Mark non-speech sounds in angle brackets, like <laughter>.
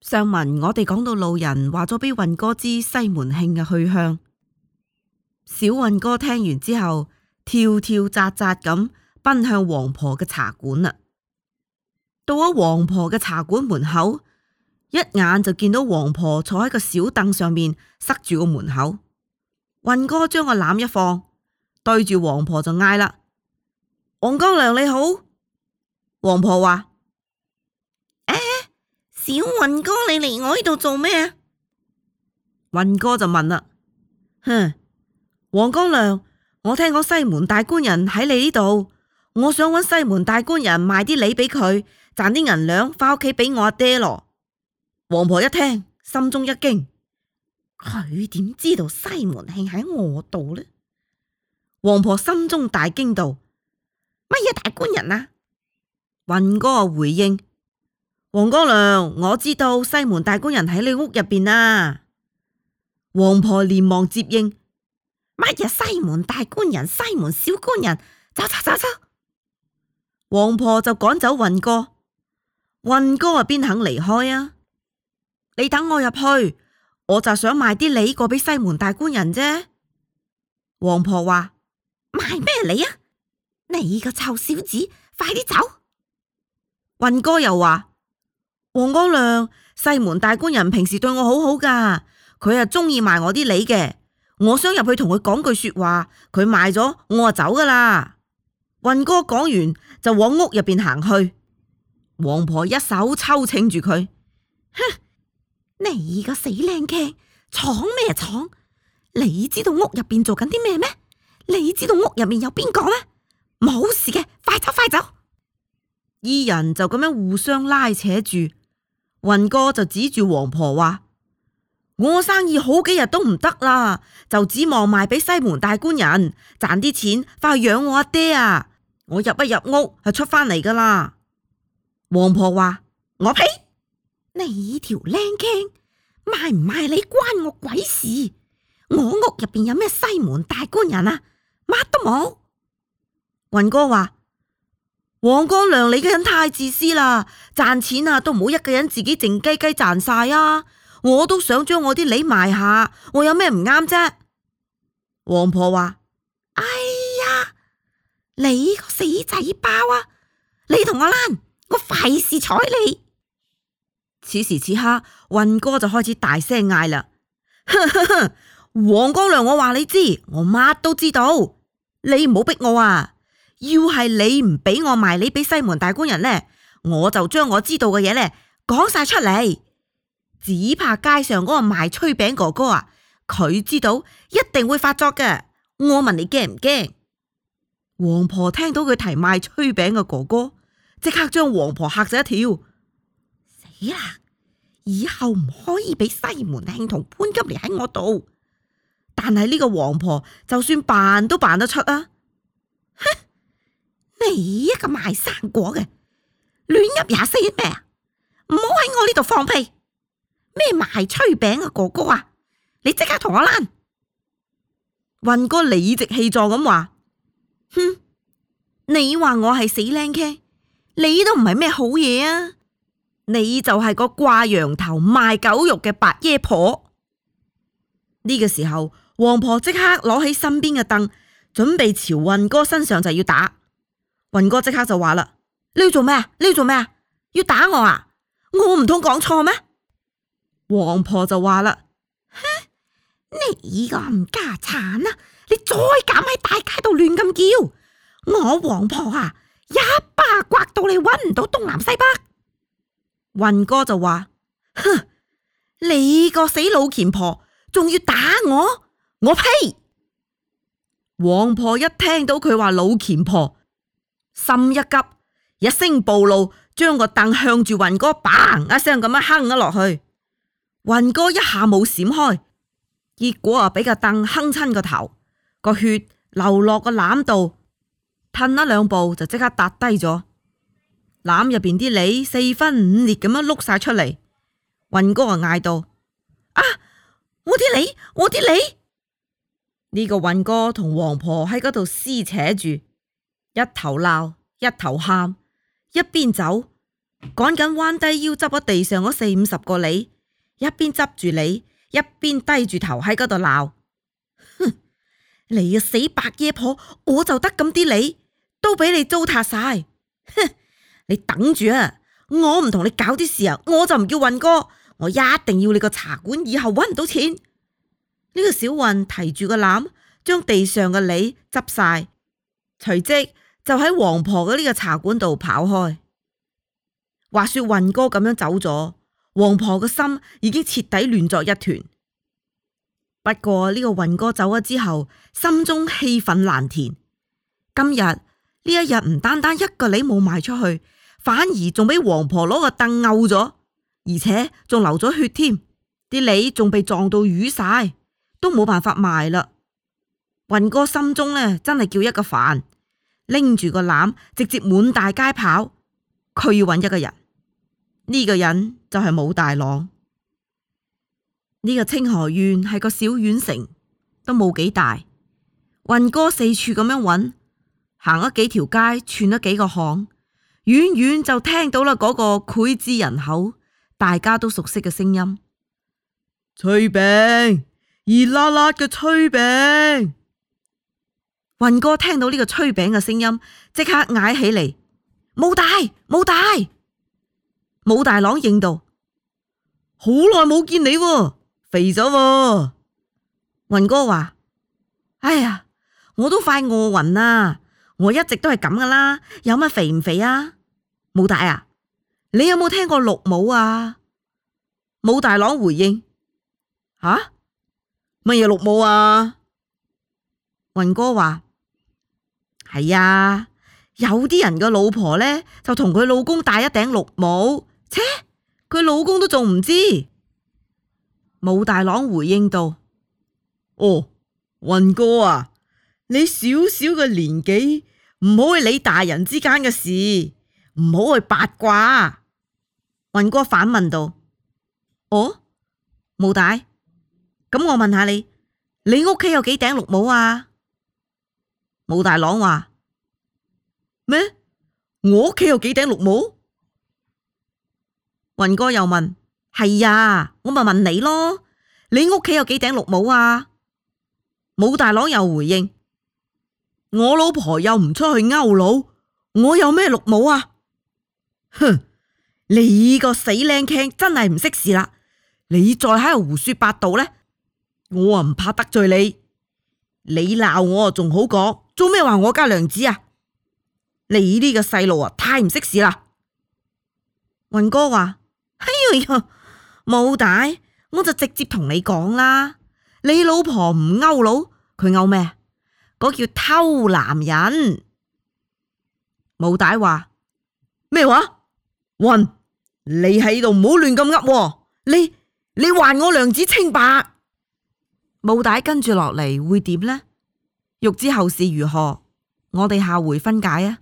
上文我哋講到路人話咗俾鄆哥知西門慶嘅去向，小鄆哥聽完之後，跳跳扎扎咁奔向王婆嘅茶館啦。到咗王婆嘅茶館門口，一眼就見到王婆坐喺個小凳上面塞住個門口。鄆哥將個籃一放，對住王婆就嗌啦：，王乾娘你好。王婆話。小云哥你，你嚟我呢度做咩啊？云哥就問啦：哼，黃光亮，我聽講西門大官人喺你呢度，我想揾西門大官人賣啲禮俾佢，賺啲銀兩，翻屋企俾我阿爹咯。王婆一聽，心中一驚，佢點知道西門慶喺我度呢？王婆心中大驚道：乜嘢大官人啊？云哥回應。王乾娘，我知道西門大官人喺你屋入邊啊！王婆連忙接應，乜嘢西門大官人、西門小官人，走走走走！王婆就趕走云哥，云哥啊，邊肯離開啊？你等我入去，我就想賣啲梨過俾西門大官人啫。王婆話，賣咩梨啊？你個臭小子，快啲走！云哥又話。黃光亮，西門大官人平時對我好好噶，佢係中意買我啲梨嘅，我想入去同佢講句說話，佢買咗我就走噶啦。鄆哥講完就往屋入邊行去，王婆一手抽稱住佢，哼，你個死靚劇，闖咩啊闖？你知道屋入邊做緊啲咩咩？你知道屋入面有邊個咩？冇事嘅，快走快走！二人就咁樣互相拉扯住。云哥就指住王婆話：我生意好幾日都唔得啦，就指望賣俾西門大官人賺啲錢，翻去養我阿爹啊！我入一入屋就出翻嚟噶啦。王婆話：我呸！你條靚傾賣唔賣你關我鬼事？我屋入邊有咩西門大官人啊？乜都冇。云哥話。王乾娘，你個人太自私啦！賺錢啊，都唔好一個人自己靜雞雞賺晒啊！我都想將我啲梨賣下，我有咩唔啱啫？王婆話：哎呀，你個死仔包啊！你同我躝，我費事睬你。此時此刻，鄆哥就開始大聲嗌啦！王 <laughs> 乾娘，我話你知，我乜都知道，你唔好逼我啊！要係你唔俾我賣，你俾西門大官人呢？我就將我知道嘅嘢呢講晒出嚟，只怕街上嗰個賣炊餅哥哥啊，佢知道一定會發作嘅。我問你驚唔驚？王婆聽到佢提賣炊餅嘅哥哥，即刻將王婆嚇咗一跳。死啦！以後唔可以俾西門慶同潘金蓮喺我度。但係呢個王婆就算扮都扮得出啊！哼。 <laughs> 你一個賣生果嘅亂入廿四咩，唔好喺我呢度放屁！咩賣炊餅嘅哥哥啊，你即刻同我躝！云哥理直氣壯咁話：哼，你話我係死靚茄，你都唔係咩好嘢啊！你就係個掛羊頭賣狗肉嘅白爺婆。呢個時候，王婆即刻攞起身邊嘅凳，準備朝云哥身上就要打。雲哥即刻就話啦：你要做咩？你要做咩？要打我啊？我唔通講錯咩？王婆就話啦：哼，你個冚家鏟啊！你再敢喺大街度亂咁叫，我王婆啊，一巴刮到你搵唔到東南西北。雲哥就話：哼，你個死老虔婆，仲要打我？我呸！王婆一聽到佢話老虔婆。心一急，一聲暴露，將個凳向住云哥，砰一、啊、聲咁樣哼咗落去。云哥一下冇閃開，結果啊俾個凳哼親個頭，個血流落個籃度，褪咗兩步就即刻跌低咗。籃入邊啲梨四分五裂咁樣碌晒出嚟。云哥啊，嗌道：啊，我啲梨，我啲梨！呢、這個云哥同王婆喺嗰度撕扯住。一頭鬧，一頭喊，一邊走，趕緊彎低腰執咗地上嗰四五十個梨，一邊執住梨，一邊低住頭喺嗰度鬧，哼，你個死白野婆，我就得咁啲梨，都俾你糟蹋晒，哼，你等住啊，我唔同你搞啲事啊，我就唔叫運哥，我一定要你個茶館以後搵唔到錢。呢個小運提住個籃，將地上嘅梨執晒，隨即。就喺王婆嘅呢個茶館度跑開。話說雲哥咁樣走咗，王婆嘅心已經徹底亂作一團。不過呢個雲哥走咗之後，心中氣憤難填。今日呢一日唔單單一個梨冇賣出去，反而仲俾王婆攞個凳毆咗，而且仲流咗血添。啲梨仲被撞到瘀晒，都冇辦法賣嘞。雲哥心中呢，真係叫一個煩。拎住個籃，直接滿大街跑。佢要搵一個人，呢、這個人就係武大郎。呢、這個清河縣係個小縣城，都冇幾大。雲哥四處咁樣搵，行咗幾條街，串咗幾個巷，遠遠就聽到啦嗰個膾炙人口、大家都熟悉嘅聲音：炊餅，熱辣辣嘅炊餅。云哥聽到呢個炊餅嘅聲音，即刻嗌起嚟：武大，武大，武大郎應到，好耐冇見你，肥咗。云哥話：哎呀，我都快餓暈啦！我一直都係咁噶啦，有乜肥唔肥啊？武大啊，你有冇聽過綠帽啊？武大郎回應：吓、啊，乜嘢綠帽啊？云哥話。係啊，有啲人個老婆咧就同佢老公戴一頂綠帽，切，佢老公都仲唔知。武大郎回應道：哦，云哥啊，你小小嘅年紀，唔好去理大人之間嘅事，唔好去八卦。云哥反問道：哦，武大，咁我問下你，你屋企有幾頂綠帽啊？武大郎話咩？我屋企有幾頂綠帽？云哥又問：係啊，我咪問你咯。你屋企有幾頂綠帽啊？武大郎又回應：我老婆又唔出去勾佬，我有咩綠帽啊？哼！你個死靚傾真係唔識事啦！你再喺度胡說八道咧，我唔怕得罪你，你鬧我仲好講。做咩話我家娘子啊？你呢個細路啊，太唔識事啦！鄆哥話：哎呀呀，武大，我就直接同你講啦。你老婆唔勾佬，佢勾咩？嗰、那個、叫偷男人。武大話咩話？鄆，你喺度唔好亂咁噏，你你還我娘子清白。武大跟住落嚟會點呢？欲知後事如何，我哋下回分解啊！